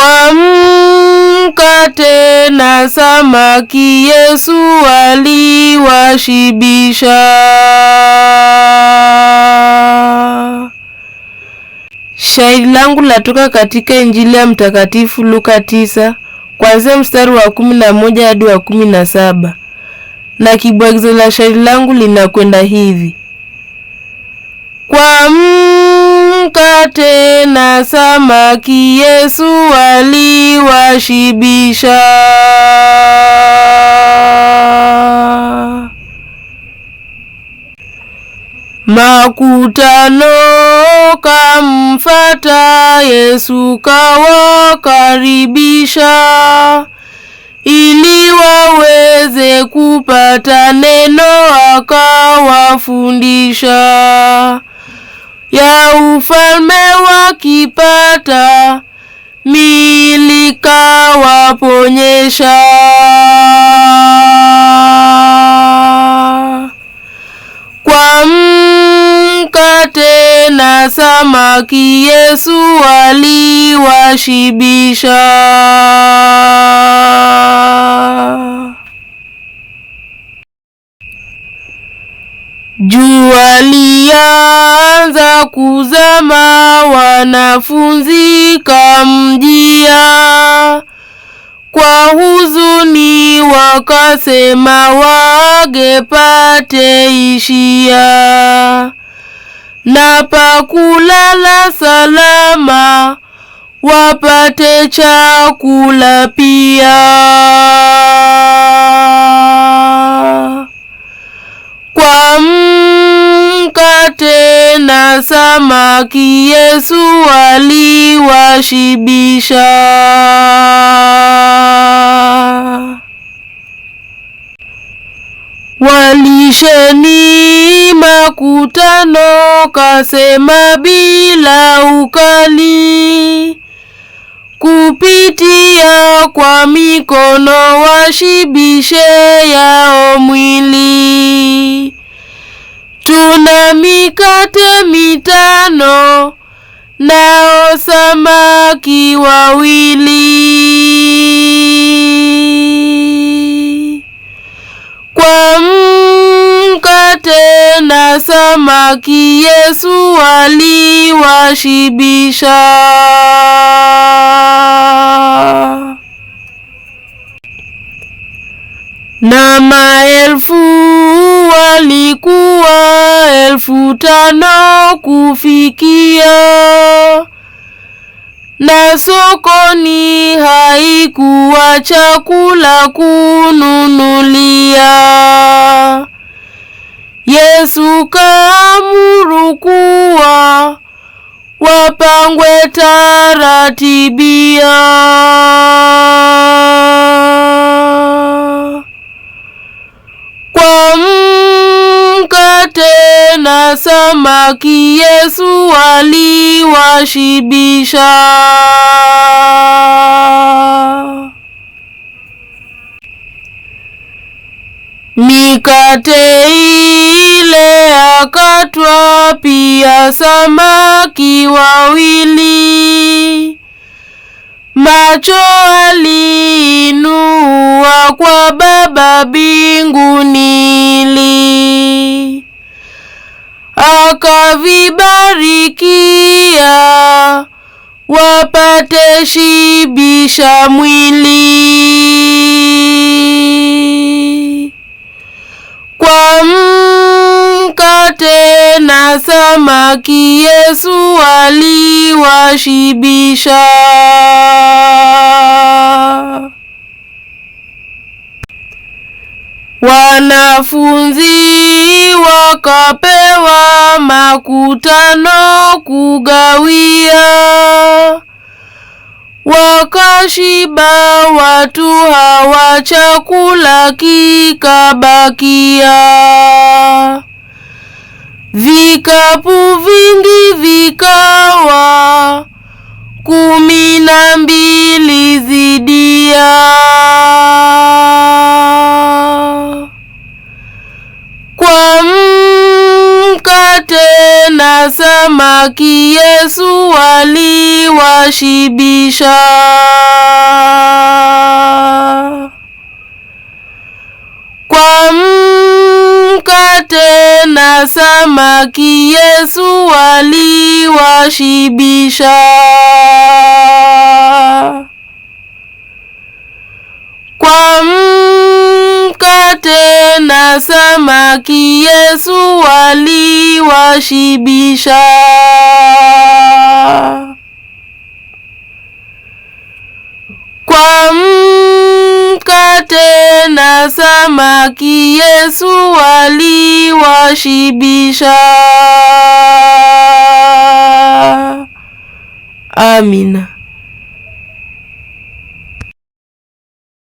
Kwa mkate na samaki Yesu aliwashibisha. Shairi langu latoka katika Injili ya Mtakatifu Luka tisa kuanzia mstari wa kumi na moja hadi wa kumi na saba na kibwagizo la shairi langu linakwenda hivi: Kwa mkate na samaki Yesu aliwashibisha. Makutano kamfata Yesu kawakaribisha, ili waweze kupata neno akawafundisha ya ufalme wakipata milikawaponyesha kwa mkate na samaki Yesu aliwashibisha. Jua kuzama, wanafunzi kamjia. Kwa huzuni wakasema, wagepate ishia na pakulala salama, wapate chakula pia. haki Yesu aliwashibisha. Walisheni makutano, kasema bila ukali, kupitia kwa mikono washibishe yao mwili mikate mitano nao samaki wawili. Kwa mkate na samaki Yesu aliwashibisha. Na maelfu walikuwa elfu tano kufikia na sokoni haikuwa chakula kununulia. Yesu kaamuru kuwa wapangwe taratibi samaki Yesu aliwashibisha. Mikate ile akatwa, pia samaki wawili. Macho aliinua kwa Baba binguni vibarikia wapate shibisha mwili kwa mkate na samaki. Yesu aliwashibisha. Wanafunzi wakapewa makutano kugawia, wakashiba watu hawa, chakula kikabakia. Vikapu vingi vikawa na samaki Yesu aliwashibisha. Kwa mkate na samaki Yesu aliwashibisha. samaki Yesu waliwashibisha Kwa mkate na samaki Yesu waliwashibisha Amina.